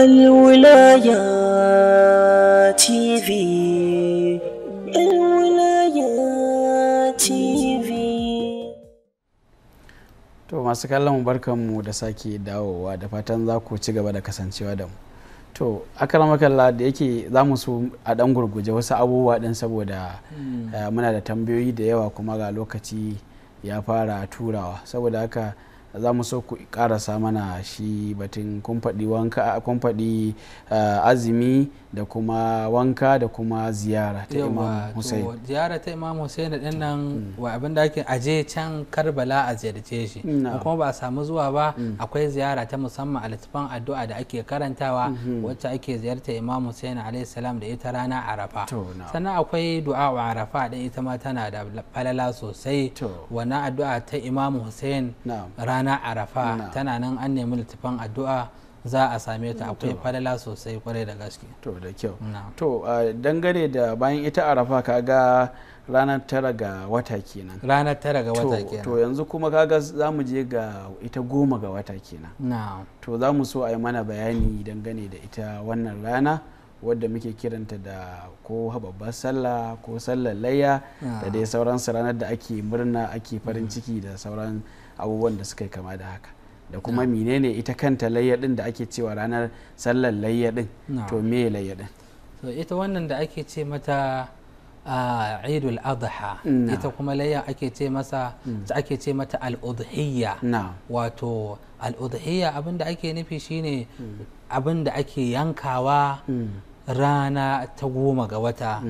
الولاية تي في الولاية تي في to masu kallon barkanmu da sake dawowa da fatan za ku ci gaba da kasancewa da mu to makalla da yake za mu so a ɗan gurguje wasu abubuwa din saboda hmm. eh, muna da tambayoyi da yawa kuma ga lokaci ya fara turawa saboda haka za mu so ku karasa mana shi batun kumfadi wanka kumfadi eh, azumi da kuma wanka da kuma ziyara ta imam hussein ziyara ta imam hussein da nan mm. wa abin da ake aje can karbala a ziyarce shi mm, kuma ba a samu zuwa ba mm. akwai ziyara ta musamman a addu'a da ake karantawa mm-hmm. wacce ake ziyarta imam hussein alayhi salam da ita rana arafa sannan akwai du'a wa arafa din ita ma tana da falala sosai wannan addu'a ta imam hussein rana arafa tana nan an nemi littafan addu'a za a same ta akwai falala sosai kwarai da gaske to da kyau to dangane da bayan ita arafa kaga ranar tara ga wata kenan ranar tara ga wata kenan to yanzu kuma kaga za mu je ga ita goma ga wata kenan to za mu so a yi mana bayani dangane da ita wannan rana wadda muke kiranta da ko babbar sallah ko sallar layya da dai sauransu ranar da ake murna ake farin ciki da sauran abubuwan da suka yi kama da haka da kuma menene ita kanta layyadin da ake cewa ranar sallar layyadin to me layyadin to ita wannan da ake ce mata a idul adha ita kuma layya ake ce masa da mm. ake ce mata al wato al-udhiyya abinda ake nufi shine mm. abinda ake yankawa mm. rana ta goma ga wata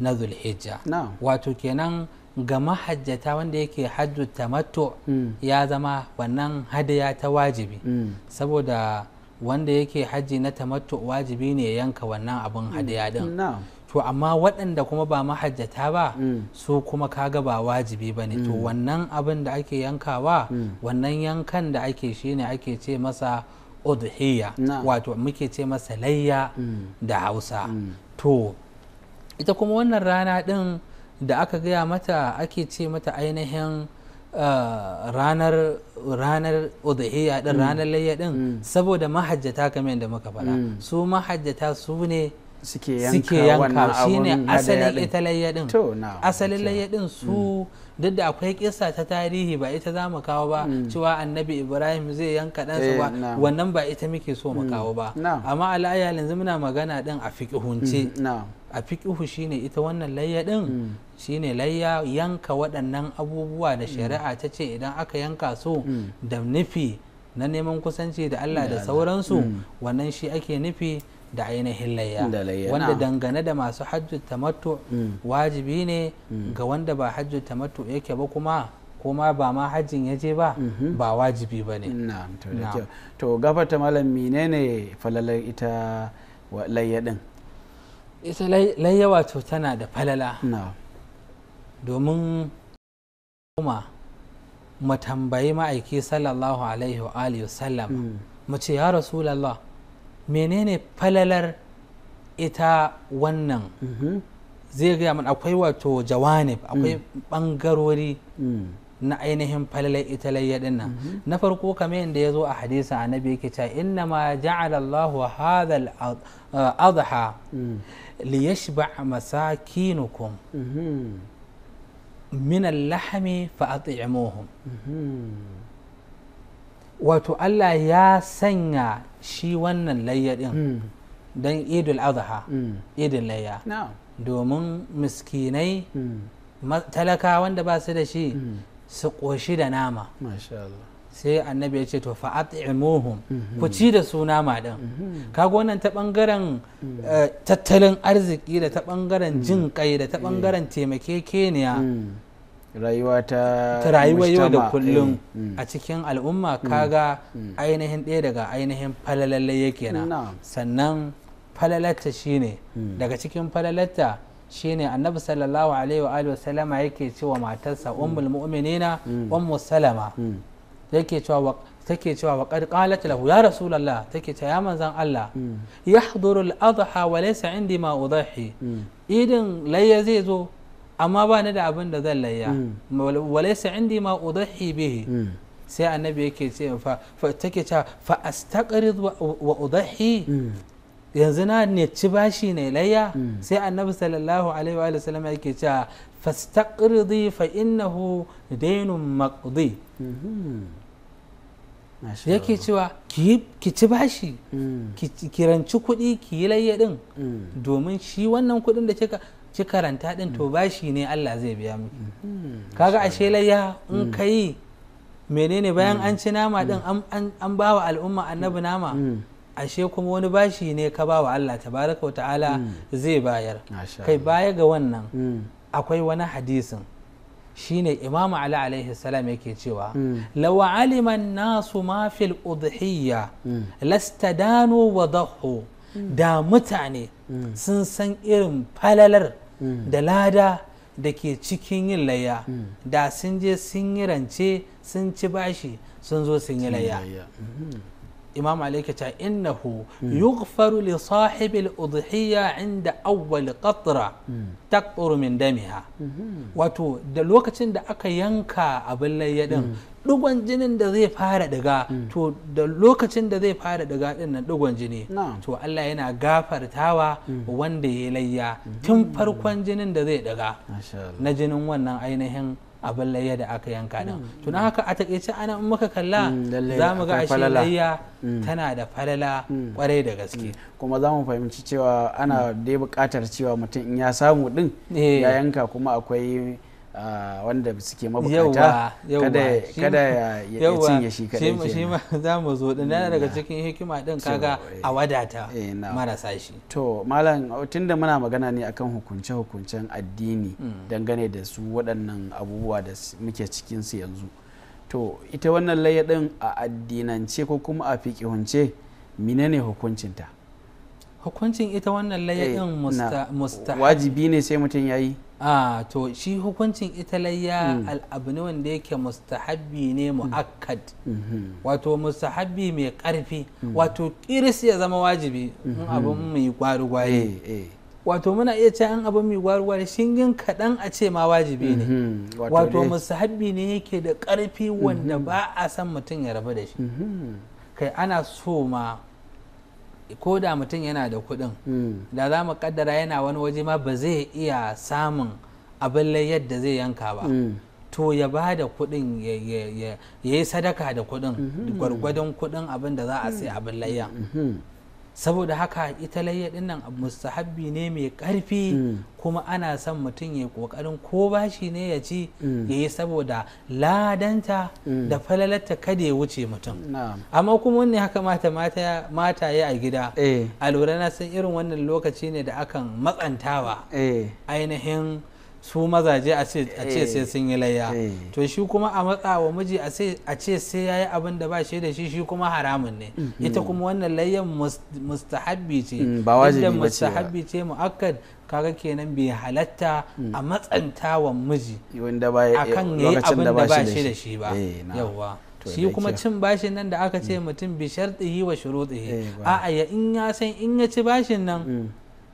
na zulhijja wato kenan ga mahajjata wanda yake hajju tamatu. Hmm. ya zama wannan hadaya ta wajibi hmm. saboda wanda yake hajji na tamatu wajibi ne yanka wannan abin hmm. hadaya din to amma waɗanda kuma ba mahajjata ba su kuma kaga ba wajibi ba ne to wannan abin da ake yankawa wannan yankan da ake shi ne ake ce masa udhiyya wato muke ce masa layya da hausa to ita kuma wannan rana din. da aka gaya mata ake ce mata ainihin uh, ranar ranar udhiya din mm. ranar layya din mm. saboda mahajjata kamar yadda muka faɗa mm. su mahajjata su ne suke yanka shi ne asalin ita layya din asalin layya din su duk da akwai kisa ta tarihi ba ita za mu kawo ba cewa annabi ibrahim zai yanka ɗansa eh, ba wannan ba ita muke so mu kawo ba amma ala'ayya yanzu muna magana din a fiƙihunce a fiƙihu shine ita wannan layya ɗin mm. shine layya yanka waɗannan abubuwa da mm. shari'a ta ce idan aka yanka su mm. da nufi na neman kusanci da Allah da sauransu wannan shi ake nufi da ainihin layya wanda dangane da masu hajju tamattu wajibi ne ga wanda ba hajju tamattu yake ba kuma kuma ba ma hajjin ya je ba mm-hmm. ba wajibi ba ne to gafarta malam menene falalar ita layya din ita layya to tana da falala domin kuma matambayi ma'aiki sallallahu alaihi wa sallam hmm. mu ce ya rasulallah menene falalar ita wannan mm-hmm. zai gaya mana akwai wato jawanib akwai bangarori hmm. hmm. na ainihin falalai ita layya mhm. na farko kamar yadda ya zo a hadisa annabi yake cewa inna ma ja'ala Allahu hadhal uh, adha mm. li yashba masakinukum mhm. min al-lahmi fa at'imuhum mm-hmm. wato Allah ya sanya shi wannan layya din mm. don idul adha mm. idul layya domin miskinai talaka wanda ba su da shi su ƙoshi da nama sai annabi ya ce to imuhun mhm. ku ci da su nama din mhm. kaga wannan ta ɓangaren mhm. eh, tattalin arziki da ta ɓangaren jin kai da ta eh. ɓangaren taimakekeniya hmm. rayuwa ta rayuwa yau da kullum eh. hmm. a cikin al'umma hmm. kaga ainihin ɗaya daga ainihin falalalle yake na sannan falalata shine daga cikin falalata shine annabi sallallahu alaihi wa alihi wasallama yake cewa matarsa ummul mu'minina ummu salama yake cewa take cewa wa qad qalat lahu ya rasulullah take cewa ya manzan Allah yahduru al-adha wa laysa indi ma udahi idin layya zai zo amma ba ni da abin da zan layya wa laysa indi ma udahi bihi sai annabi yake ce fa take cewa fa astaqrid wa udahi yanzu na ne ci bashi ne layya mm. sai annabi sallallahu alaihi wa sallam yake cewa fastaqridi fa innahu daynun maqdi mm-hmm. yake cewa ki ci bashi mm. ki ranci kuɗi ki yi layya din mm. domin shi wannan kuɗin da kika ci karanta din to bashi ne Allah zai biya miki mm-hmm. kaga ashe layya in ka menene bayan an ci nama din an bawa al'umma annabi nama ashe kuma wani bashi ne ka ba wa Allah tabaraka wa ta'ala mm. zai bayar kai baya ga wannan mm. akwai wani hadisin shine imamu ala alaihi salam yake cewa mm. lawa aliman nasu ma fil udhiyya lastadanu wa dahu da mutane sun san irin falalar da lada da ke cikin yin layya da sun je sun yi rance sun ci bashi sun zo sun yi layya mm-hmm. imam malik ya ce innahu yughfaru li sahibi al-udhiyya inda awwal qatra taqturu min damiha wato lokacin da aka yanka abin layya din digon jinin da zai fara daga to da lokacin da zai fara daga din nan digon jini to Allah yana gafartawa wanda ya layya tun farkon jinin da zai daga na jinin wannan ainihin abin layya da aka yanka nan. Mm. tun haka a takaice ana in muka kalla mm, za mu ga ashe layya mm. tana da falala kwarai da gaske kuma za mu fahimci cewa ana dai buƙatar cewa mutum in ya samu din eh. ya yanka kuma akwai wanda suke mabukata kada ya cinye shi kadai shi ma za mu zo din yana daga cikin hikima din kaga a eh, wadata eh, marasa shi to malam tunda muna magana ne akan hukunce hukuncen addini hmm. dangane da su waɗannan abubuwa da muke cikin su yanzu to ita wannan layya din a addinance ko kuma a fiƙihunce menene hukuncinta hukuncin ita wannan layya din eh, musta wajibi ne sai mutum yayi a ah, to shi hukuncin italiya hmm. al al'abu ne wanda yake mustahabbi ne hmm. mu'akkad hmm. wato mustahabbi mai karfi wato kiris ya zama wajibi in abin mai gwarugwaye eh, eh. wato muna iya ce an abin mai gwarugwaye shingin kaɗan a ce ma wajibi ne wato mustahabbi ne yake da karfi wanda ba a san mutum ya rabu da shi kai ana so ma ko da mutum yana da kuɗin hmm. da za mu ƙaddara yana wani waje ma ba zai iya samun abin layyar da zai yanka ba hmm. to ya ba da kuɗin ya yi sadaka da kuɗin hmm. gwargwadon kuɗin abin da za a sai abin layya saboda haka ita layya din nan mustahabbi ne mai karfi mm. kuma ana son mutum ya kokarin ko bashi ne ya ci mm. ya yi saboda ladanta mm. da Falalatta kada ya wuce mutum amma kuma wani haka mata mata ya a gida eh. a lura na san irin wannan lokaci ne da akan matsantawa eh. ainihin su mazaje a ce sai eh, sun yi layya eh. to shi kuma a matsa wa miji a ce sai ya yi abin da ba shi da shi shi kuma haramun ne mm-hmm. ita kuma wannan layyan mustahabbi ce mm, inda mustahabbi ce mu'akkad kaga kenan bai halatta mm. a matsanta wa miji akan ya yi abin da ba shi da shi ba eh, yawwa shi kuma cin bashin nan da aka ce mm. mutum bi sharɗihi wa shuruɗihi a'a ya in ya san in ya ci bashin nan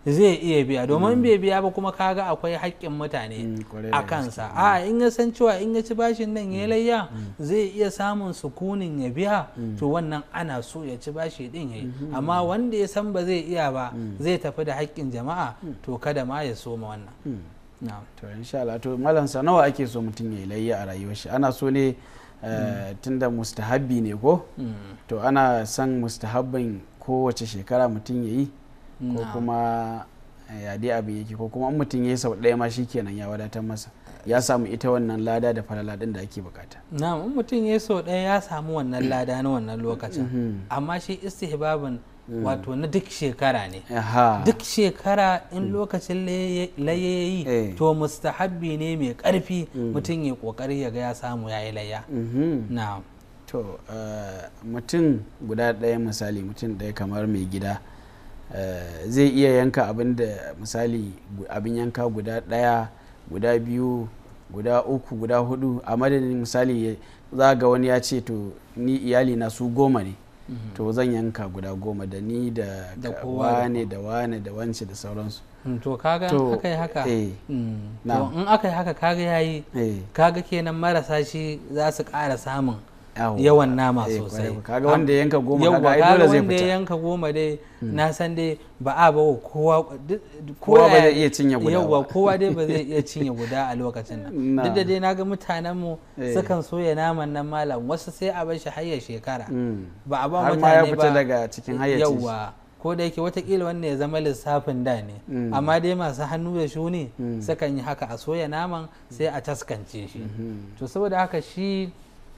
zai iya biya domin mm. bai biya ba kuma kaga akwai haƙƙin mutane mm, a kansa a in ya san cewa in ya ci bashin nan ya mm, layya zai iya samun sukunin ya biya to wannan ana so ya ci bashi din yayi mm-hmm. amma wanda ya san ba zai iya ba zai tafi da haƙƙin jama'a to kada ma ya soma wannan to insha Allah to malam nawa ake so mutum ya layya a rayuwar shi ana so ne eh, tunda mustahabbi ne ko to ana san mustahabbin kowace shekara mutum ya yi ko kuma eh, ya dai abu yake ko kuma mutum ya yi sau ɗaya ma shi kenan ya wadatar masa ya samu ita wannan lada da falaladin da ake bukata na in mutum ya yi sau ɗaya ya samu wannan lada na wannan lokacin mhm. amma shi istihbabin mm. wato na duk shekara ne duk shekara in mm. lokacin laye yi eh. to mustahabbi ne mai karfi mm. mutum ya kokari ya ga ya samu ya yi laya mhm. na to eh, mutum guda ɗaya misali mutum ɗaya kamar mai gida Eh, zai iya yanka abin da misali abin yanka guda ɗaya guda biyu guda uku guda hudu a madadin misali za ga wani ya ce to ni iyali na su goma ne mhm. to zan yanka guda goma da ni da wane da wane da wance da sauransu hmm, to kaga aka yi haka eh. hmm. to in aka yi haka kaga yayi eh. kaga kenan marasa shi za su ƙara samun yawan nama eh, sosai kaga wanda yanka goma kaga ai dole zai fita yanka goma dai hmm. na san dai ba a ba kowa kowa ba zai iya cinye guda yawa kowa dai ba zai iya cinye guda a lokacin nan duk da dai naga mutanen mu eh. sukan soya naman nan malam wasu sai a bar shi ya shekara hmm. ba a ba mutane ba har ma ya fita daga cikin hayyacin yawa ko da yake watakila wannan ya zama lissafin da ne hmm. amma dai masu hannu da shuni sukan yi haka a soya naman sai a taskance shi to saboda haka shi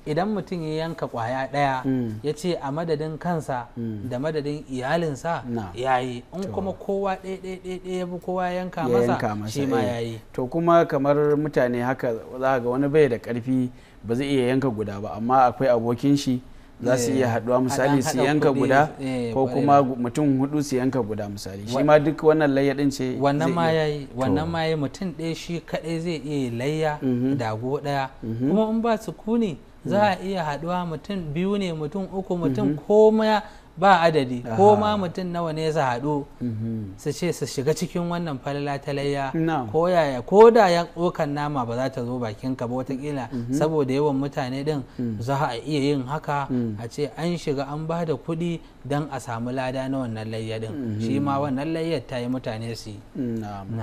idan mutum ya yanka kwaya ɗaya mm. ya ce a madadin kansa mm. da madadin iyalinsa ya yi in kuma kowa ɗaya ya bi kowa yanka masa shi ma ya eh. yi to kuma kamar mutane haka za ga wani bai da ƙarfi ba zai iya yanka guda ba amma akwai abokin shi za su iya eh. haduwa misali su yanka guda eh, ko kuma mutum hudu su yanka guda misali shi ma duk wannan layya din ce wannan ma yayi wannan ma yayi mutum ɗaya shi kadai zai iya layya mm-hmm. dago daya mm-hmm. kuma in ba su kuni za a iya haɗuwa mutum biyu ne mutum uku mutum mhm. koma ba adadi ko ma mutum nawa ne su haɗu mhm. su ce su shiga cikin wannan falala ta layya ko yaya ko da ya ɗokan nama ba za ta zo bakin ka ba watakila mhm. saboda yawan mutane din mm. za a iya yin haka mm. a ce an shiga an ba da kuɗi don a samu lada na wannan layya din mhm. shi ma wannan layyar ta yi mutane su yi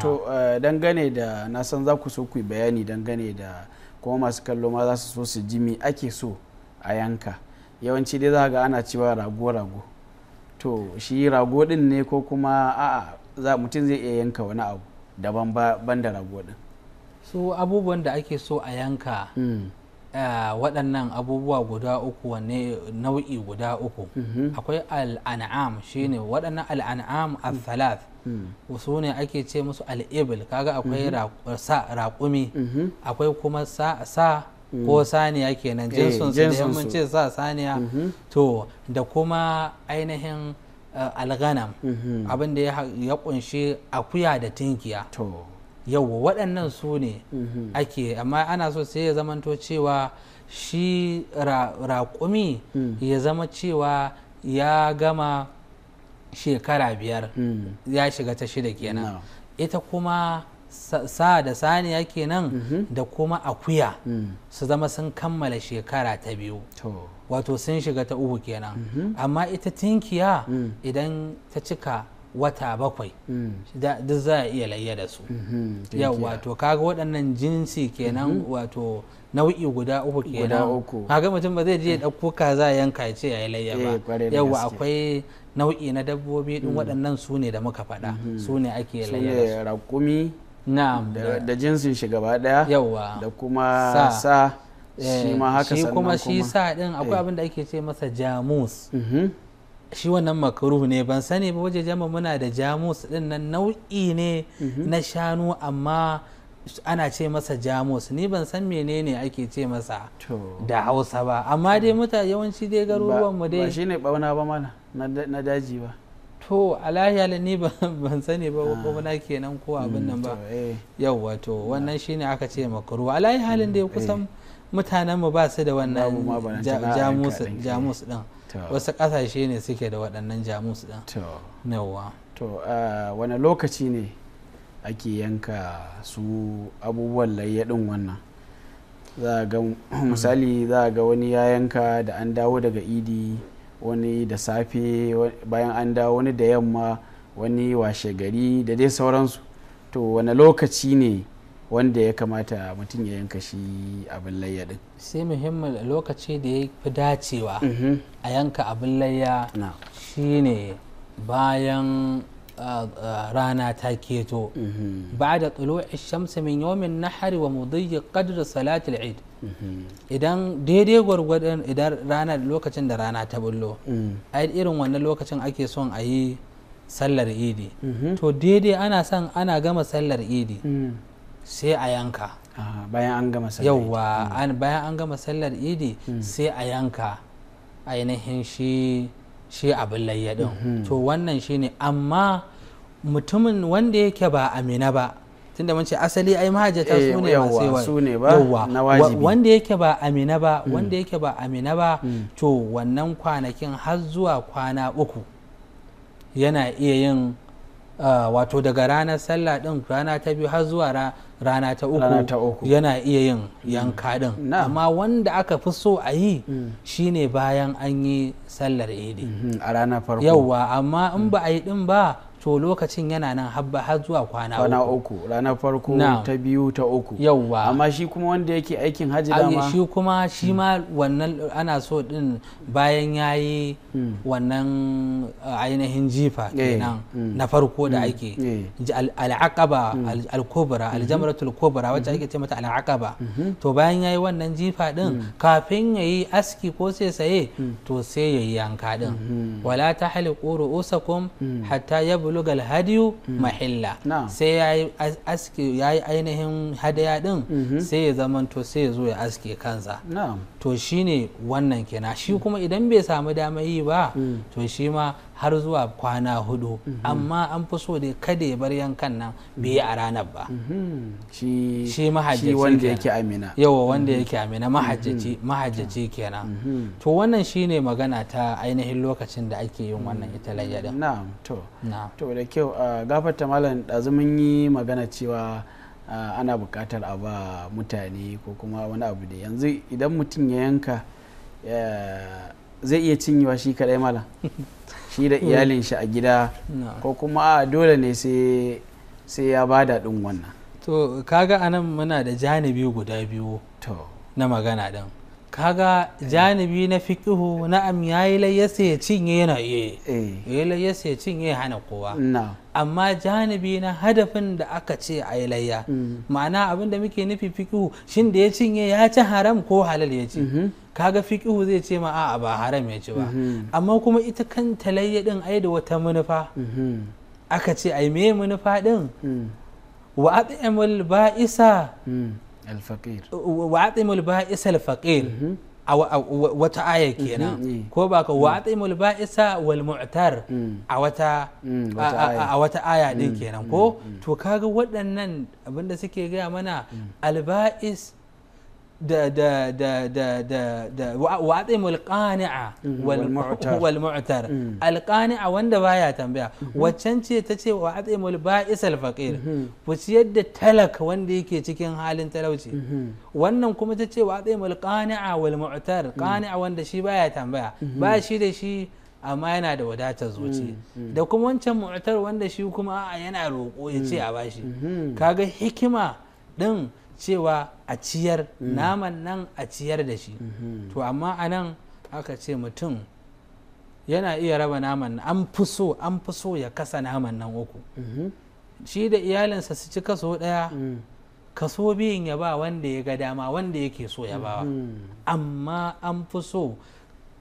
to eh, dangane da na san za ku so ku bayani dangane da kuma masu kallo ma za su so su ji ake so a yanka yawanci dai za ga ana cewa rago rago to shi rago din ne ko kuma a'a za mutum zai iya yanka wani abu daban ban da rago din so abubuwan da ake so a yanka hmm. eh, waɗannan abubuwa guda uku wanne nau'i guda uku mm-hmm. akwai al'an'am shine ne hmm. waɗannan al'an'am hmm. al-thalath su ne ake ce musu al'ibil kaga akwai mm-hmm. sa raƙumi mm-hmm. akwai kuma sa ko mm. saniya kenan eh, jinsun su mun ce sa saniya mm-hmm. to da kuma ainihin eh, alganam mm-hmm. abin da ya kunshi akuya da tinkiya yau waɗannan su ne mm-hmm. ake amma ana so sai ya zamanto cewa shi raƙumi mm. ya zama cewa ya gama shekara biyar mm. ya shiga ta shida kenan ita kuma sa da saniya kenan mhm. da kuma akuya mm. su zama sun kammala shekara ta biyu wato sun shiga ta uku kenan mhm. amma ita tinkiya mm. idan ta cika wata bakwai mm. duk za a iya layya da su mhm. yau wato kaga waɗannan jinsi kenan wato nau'i guda uku kenan kaga mutum ba zai je ya eh. ɗauko kaza yanka ya ce ya yi layya ba eh, yawa akwai nau'i na dabbobi ɗin waɗannan su ne da muka faɗa su ne ake layya da su da jinsin shi gaba daya yawa da kuma sa, shi eh, ma haka sannan kuma shi sa din akwai eh. abin da ake ce masa jamus mm-hmm. shi wannan makaruhu ne ban sani ba waje jama muna da jamus din nan nau'i ne mm-hmm. na shanu amma ana ce masa jamus ni ban san menene ake ce masa da hausa ba amma dai mm. mutane yawanci dai garuruwan mu dai ba shine bauna ba mana na daji ba to alayali ni ban sani ba ko ah. ke kenan ko mm, abin nan ba eh. yau wato wannan shine aka ce makaru alayi halin da mm, eh. kusan mutanen mu ba su da wannan jamus din wasu kasashe ne suke da waɗannan jamus din nawa to ah, wani lokaci ne ake yanka su abubuwan din wannan za ga misali za ga wani ya yanka da an dawo daga idi wani da safe bayan an dawo wani da yamma wani washe gari da dai sauransu to wani lokaci ne wanda ya kamata mutum ya yanka shi abin layya din sai muhimmin lokaci da ya fi dacewa mm-hmm. a yanka abin layya shine bayan rana ta keto ba da tsulu shamsi min yomin nahari wa mudayyi qadr salatul eid idan daidai gwargwadon idan rana lokacin da rana ta bullo a irin wanne lokacin ake son a yi sallar idi to daidai ana son ana gama sallar idi sai a yanka bayan an gama sallar yauwa bayan an gama sallar idi sai a yanka ainihin shi shi abin layya mhm. to wannan shine amma mutumin wanda yake ba amina ba tunda mun ce asali ai mahajjata eh, su ne masu yawa wanda yake ba amina ba mm. wanda yake ba amina ba mm. to wannan kwanakin har zuwa kwana uku yana iya yin Ah, wato daga ranar sallah din rana ta biyu har zuwa rana ta uku yana iya yin yanka din mm. amma wanda aka fi so a yi mm. shine bayan an yi sallar idi mm-hmm. a rana farko yauwa amma in ba a yi din ba to lokacin yana nan habba har zuwa kwana kwana uku ranar farko ta biyu ta uku yawwa amma shi kuma wanda yake aikin hajji dama shi kuma shi hmm. ma wannan ana so din bayan yayi hmm. wannan uh, ainihin jifa eh. kenan hmm. na farko da ake eh. al'aqaba al-kubra al-jamratul kubra wacce ake ce mata al'aqaba to bayan yayi wannan jifa din kafin yayi aski ko sai saye to sai yayi yanka din wala tahliqu ru'usakum hatta yab bulug hadiyu mm. mahilla sai ya aski ya ainihin hadaya din mm-hmm. sai ya zamanto sai ya zo ya aske kansa to shine wannan kenan shi mm. kuma idan bai samu dama yi ba mm. to shi ma har zuwa kwana hudu mm-hmm. amma an fi so da kada ya bar yankan nan mm-hmm. bai yi a ranar ba mm-hmm. shi mahajjaci wanda yake amina yawa wanda yake amina mahajjaci kenan to wannan shine magana ta ainihin lokacin da ake yin wannan mm. ita layyada na'am to to da kyau gafarta malam ɗazu mun yi magana cewa Ah, ana bukatar a ba mutane ko kuma wani abu da yanzu idan mutum ya yanka eh, zai iya cinyewa shi kaɗai mala shi da iyalin shi a gida ko kuma ah, dole ne sai ya bada ɗin wannan to kaga anan muna da janibi guda biyu na magana ɗin kaga janibi na fiƙihu na'am yi layyasa ya cinye yana iya eh, eh. yi layyasa ya cinye hana kowa amma janibi na hadafin da aka ce a yi layya mm. ma'ana abin da muke nufi fiƙihu, shin da ya cinye ya ci haram ko halal ya ci mhm. kaga fiƙihu zai ce ma a'a ba haram ya ci ba mhm. amma kuma ita kanta layya din ai da wata manufa mhm. aka ce ai me manufa din mm. wa ba'isa mm. wa atimul ba'isa al-faqir a wata aya kenan ko ba ka wa atimul ba'isa wal mu'tar a a wata aya din kenan ko to kaga waɗannan abinda suke gaya mana al-ba'is da da da da da da wa'atimul qani'a wal mu'tar al qani'a wanda baya tambaya waccan ce ta ce wa'atimul ba'is al faqir ku ciyar da talaka wanda yake cikin halin talauci wannan kuma ta ce wa'atimul tambaya ba da shi amma yana da wadatar zuci da kuma wancan mu'tar wanda shi kuma yana roƙo ya ce a bashi kaga hikima din cewa a ciyar mm. naman nan a ciyar da shi mm-hmm. to amma a nan aka ce mutum yana iya raba naman an fi so an fi so ya kasa naman nan uku mm-hmm. shi da iyalinsa su ci kaso ɗaya mm. kaso biyun ya ba wanda ya ga dama wanda yake so ya bawa mm-hmm. amma an fi so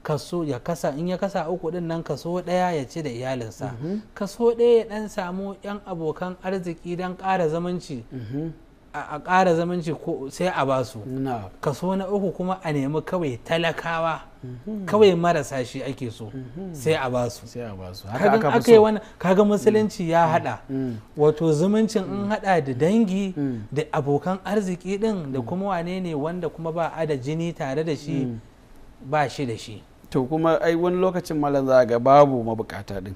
kaso ya kasa in ya kasa uku din nan kaso ɗaya ya ci da iyalinsa kaso ɗaya ya ɗan samu 'yan abokan arziki don ƙara zamanci a ƙara zamanci sai a basu kaso na uku kuma a nemi kawai talakawa mhm. kawai marasa shi ake so mhm. sai a basu kaga musulunci ya mm. hada mm. mm. wato zumuncin in hada da dangi da abokan arziki din da kuma wane ne wanda kuma ba a da jini tare da shi ba shi da shi to kuma ai wani lokacin malam za ga babu mabukata din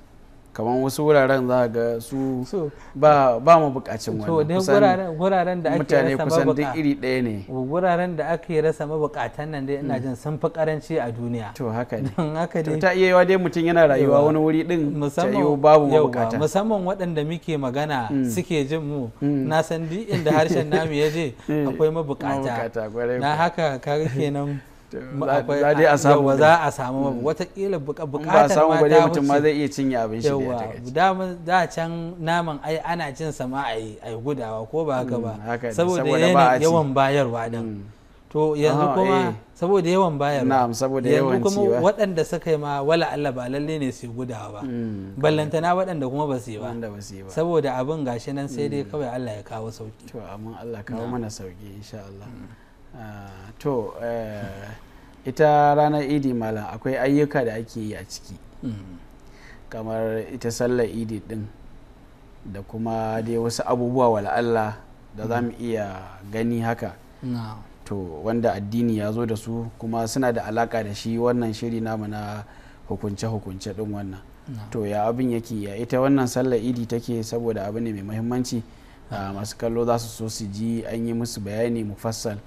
kamar wasu wuraren za ga su ba mu bukacin wani kusan mutane kusan duk iri ɗaya ne wuraren da aka yi rasa mabukatan nan dai ina mm. jin sun fi karanci a duniya to haka ne to ta iya yawa dai mutum yana rayuwa wani wuri din ta iya babu mabukata musamman waɗanda muke magana mm. suke jin mu mm. na san duk inda harshen namu ya je akwai mabukata na haka kaga kenan za a samu za a samu watakila bukatar ma ta mutum ma zai iya cinye abin shi yawa dama da can naman ai ana cin sa ma a yi gudawa ko ba haka ba hmm, saboda yawan bayarwa din hmm. to yanzu kuma eh. saboda yawan bayarwa na'am saboda yawan kuma waɗanda suka yi ma wala Allah ba lalle ne su gudawa ba hmm. ballantana waɗanda kuma ba su yi ba saboda abin gashi nan sai dai kawai Allah ya kawo sauki to amma Allah kawo mana sauki insha Allah Ah, to eh, ita ranar idi malam akwai ayyuka da ake yi a ciki mm. kamar ita sallar idi din da kuma dai wasu abubuwa allah da za mu iya gani haka to wanda addini ya zo da su kuma suna da alaka da shi wannan shiri namu na hukunce-hukunce din wannan to ya abin yake ya ita wannan sallar idi take saboda abu ne mai muhimmanci ah, masu kallo za su so su ji an yi musu bayani mufassal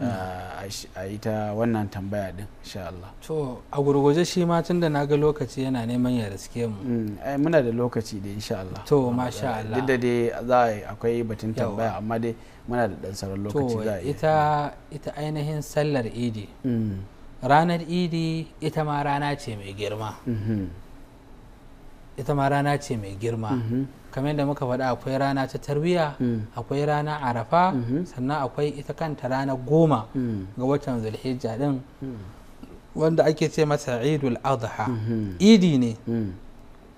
Ah, a yi ta wannan tambaya din insha Allah. to a gurguje shi ma tun da na ga lokaci yana neman ya riske mu mm, muna da lokaci da insha Allah to masha Allah duk da dai za a akwai batun tambaya amma dai muna da dan sauran lokaci za a to ita ainihin sallar idi mm. ranar idi ita ma rana ce mai girma mm-hmm. ita ma rana ce mai girma mm-hmm. kamar da muka faɗa akwai rana ta tarwiya mm. akwai rana arafa mm-hmm. sannan akwai ita kanta rana goma mm. ga watan zulhijja din mm. wanda ake ce masa idul adha mm-hmm. idi ne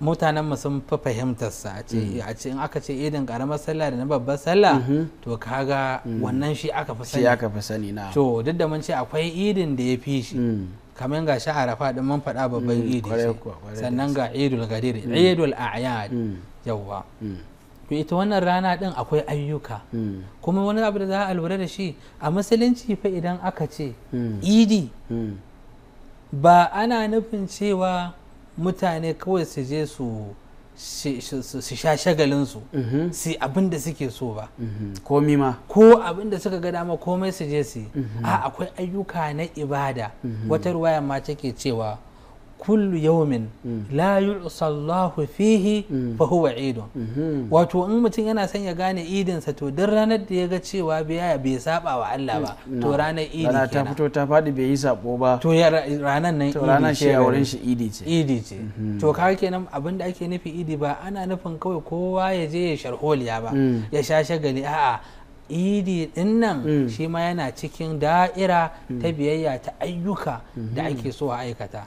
mutanen mu sun fi fahimtar sa a ce in aka ce idin karamar sallah da na babbar sallah mm-hmm. to kaga wannan shi aka fi sani aka fi sani na to duk da mun ce akwai idin da ya fi shi kamar ga arafa din mun faɗa babban idi sannan ga idul gadir idul a'yad yawwa mm. to ita wannan rana din akwai ayyuka mm. kuma wani abu da za a lura da shi a musulunci fa idan aka ce mm. idi ba ana nufin cewa mutane kawai su je su su sha shagalinsu su mm-hmm. abin da suke so ba mm-hmm. komi ma ko abin da suka ga dama komai su je su mm-hmm. a akwai ayyuka na ibada wata ruwaya ma take cewa kullu yawmin mm. la yu'sa Allahu fihi mm. fa huwa idun mm-hmm. wato in mutum yana san ya gane idinsa to duk ranar da ya ga cewa biya bai saba wa Allah ba mm. to ranar idi kenan ta fito ta fadi bai yi sabo ba to ranar nan idi to ranar shi a wurin shi idi ce idi ce mm-hmm. to kaga kenan abin da ake nufi idi ba ana nufin kawai kowa ya je ya sharholiya ba ya sha shagali a'a idi nan mm. shi ma yana cikin da'ira mm. ta biyayya ta ayyuka mm-hmm. da ake so a aikata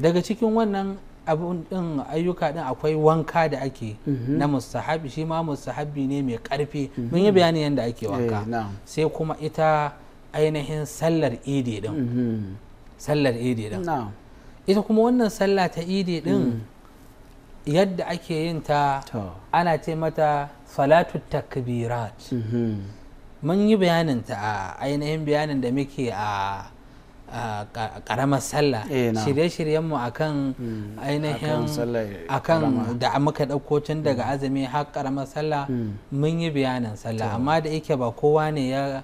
daga cikin wannan abun din ayyuka din akwai wanka da ake mm-hmm. na mustahabi shi ma mustahabi ne mai karfi mm-hmm. mun yi bayanin yadda ake eh, wanka sai kuma ita ainihin sallar idi din sallar idi din ita kuma wannan sallah ta idi din mm. yadda ake yin ta ana ce mata salatu takbirat mm-hmm. mun yi bayanin ta a ainihin bayanin da muke a karamar sallah eh, shirye-shiryenmu a kan mm, ainihin eh, kan da muka ɗauko tun daga mm. azumi har karamar sallah mm. mun yi bayanin sallah amma da yake ba kowa ne ya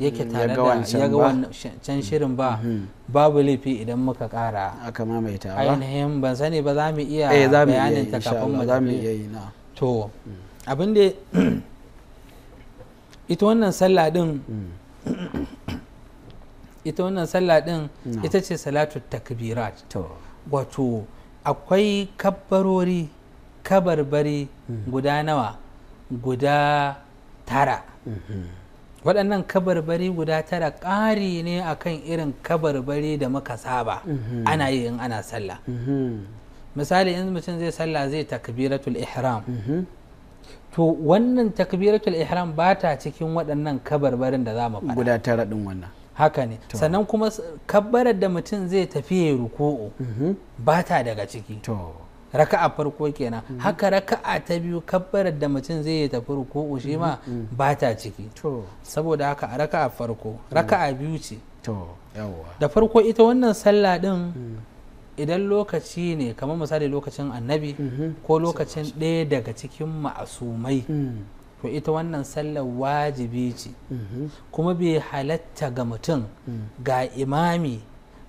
yake mm, tare da ya ga mm. shirin ba mm-hmm. babu laifi idan muka kara aka mamaita ainihin ban sani ba za mu iya eh, bayanin ta kafin mu zamu iya yi na to mm. abin da ita wannan sallah din ita wannan sallah din ita ce salatu takbirat wato akwai kabbarori kabarbari guda nawa guda tara mm-hmm. waɗannan kabarbari guda tara ƙari ne akan irin kabarbari da muka saba mhm. ana yi in ana sallah mhm. misali in mutum zai sallah zai takbiratul ihram mhm. to wannan takbiratul ihram ba ta cikin waɗannan kabarbarin da za mu faɗa guda tara ɗin wannan haka ne sannan kuma kabbarar da mutum zai tafi ya ruku'u ba ta daga ciki raka'a farko kenan haka raka'a ta biyu kabbarar da mutum zai yi tafi ruku'u shi ma ba ta ciki saboda haka a raka'a farko raka'a biyu ce da farko ita wannan sallah din mm. idan lokaci ne kamar misali lokacin annabi mm-hmm. ko lokacin ɗaya daga cikin ma'asumai mm. to ita wannan sallar wajibi ce mm-hmm. kuma bai halatta ga mutum mm. ga imami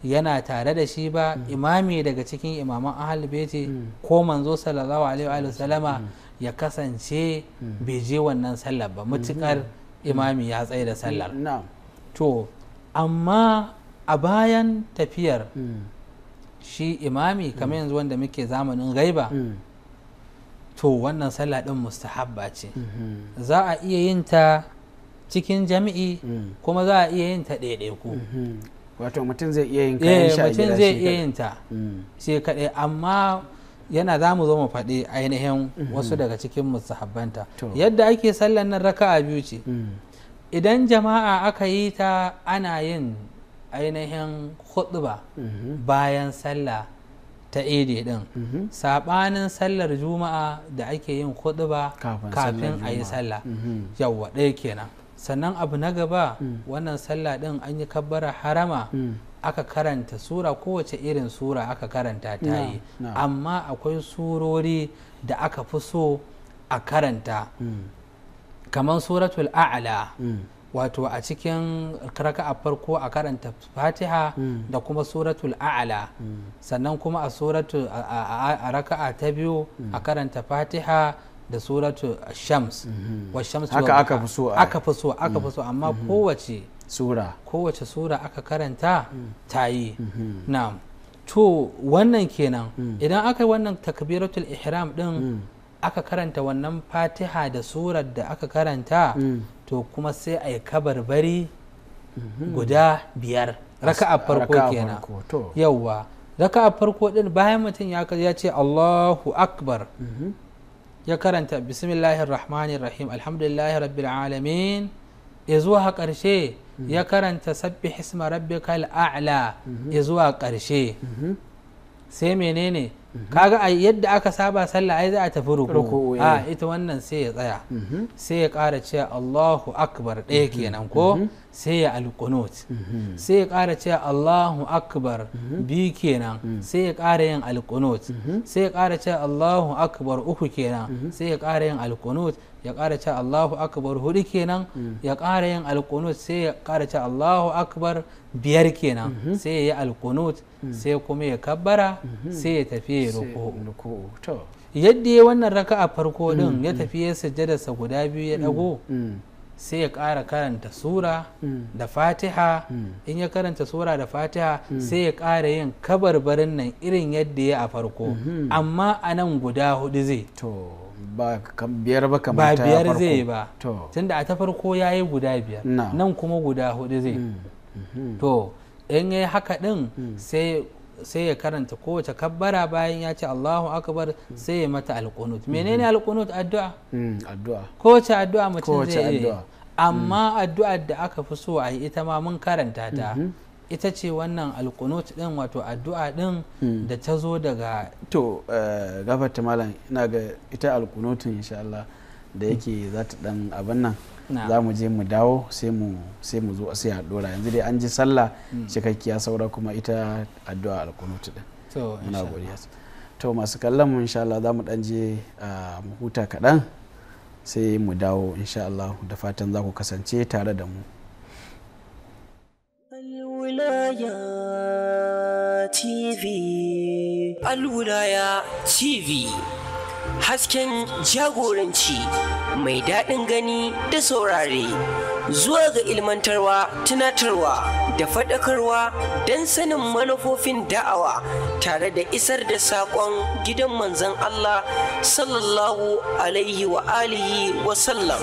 yana tare da shi ba mm. imami daga cikin imaman ahal beti mm. ko manzo sallallahu alaihi wa mm. ya kasance bai je wannan sallar ba mutukar mm-hmm. mm-hmm. imami ya tsaye da sallar to amma a bayan tafiyar shi imami kamar yanzu wanda muke zamanin gaiba to wannan sallar din mustahabba ce mm-hmm. za a iya yin ta cikin jami'i kuma za a iya yin ta ɗaiɗaiku wato mutum zai iya yin kayan eh, shi a gida mutum zai iya yin ta hmm. shi kadai amma yana za mu zo mu faɗi ainihin mhm. wasu daga cikin musahabbanta yadda ake sallan nan raka'a biyu ce hmm. idan jama'a aka yi ta ana yin ainihin huɗuba mhm. bayan sallah ta idi din mhm. sabanin sallar juma'a da ake yin huɗuba kafin a yi sallah yawwa ɗaya kenan sannan abu na gaba hmm. wannan sallah din an yi kabbara harama hmm. aka karanta sura kowace irin sura aka karanta ta yi amma akwai surori da aka fi so a karanta hmm. kamar suratul a'la wato a cikin raka a farko a karanta fatiha da kuma suratul a'la sannan kuma a suratul a raka'a ta biyu a karanta fatiha da suratu shams mhm. haka aka aka fi aka fi mhm. amma mhm. kowace sura kowace sura aka karanta ta yi na'am to wannan kenan idan aka yi wannan takbiratul ihram din aka karanta wannan fatiha da surar da aka karanta to kuma sai a yi kabarbari guda biyar raka'a farko kenan yauwa raka'a farko din bayan mutum ya ce allahu akbar ya karanta bismillahir rahmanir rahim alhamdulillahi rabbil alamin zuwa ƙarshe mm-hmm. ya karanta sabbi hisma rabbikal a'la mm-hmm. zuwa ƙarshe mm-hmm. sai menene kaga a yadda aka saba sallah ai za a tafi ruku a ah, eh. ita wannan sai ya tsaya sai ya ƙara cewa Allahu akbar ɗaya kenan ko sai ya alkunut mhm. sai ya ƙara cewa Allahu akbar mhm. bi kenan mhm. sai ya ƙara yin alkunut sai ya ƙara cewa Allahu akbar uku kenan sai ya ƙara yin alkunut ya ƙara cewa Allahu akbar hudu kenan ya ƙara yin alkunut sai ya ƙara cewa Allahu akbar biyar kenan sai ya yi alkunut sai kuma ya kabbara sai ya tafi ya ruku yadda ya wannan raka'a farko din mm, ya mm. tafi ya sajjada guda biyu ya dago mm, sai ya ƙara karanta sura hmm. da fatiha hmm. in ya karanta sura da fatiha hmm. sai ya ƙara yin kabarbarin nan irin yadda ya a farko amma a nan guda hudu zai To ba biyar ba kamar ta biyar zai ba da a ta farko ya yi guda biyar nan kuma guda hudu zai to in ya yi haka din sai sai ya karanta kowace kabbara bayan ya ce Allahu akbar sai ya mata alkunut menene mm-hmm. alkunut addu'a mm, addu'a kowace addu'a mutum zai yi amma mm. addu'ar da aka fi so a yi ita ma mun karanta ta mm-hmm. ita ce wannan alkunut din wato addu'a din mm. da ta zo daga to eh, gafarta malam ina ga ita alkunutin insha da yake za ta dan abin nan za mu je mu dawo sai mu sai mu zo sai a dora yanzu dai an ji sallah hmm. cikakkiya saura kuma ita addu'a alkunutu din muna godiya to masu kallon mu insha Allah za mu dan je mu huta kaɗan sai mu dawo insha Allah da fatan za ku kasance tare da mu الولايا تي في الولايا hasken jagoranci mai daɗin gani da saurare zuwa ga ilmantarwa tunatarwa da faɗakarwa don sanin manufofin da'awa tare da isar da saƙon gidan manzon Allah sallallahu alaihi wa alihi wa sallam.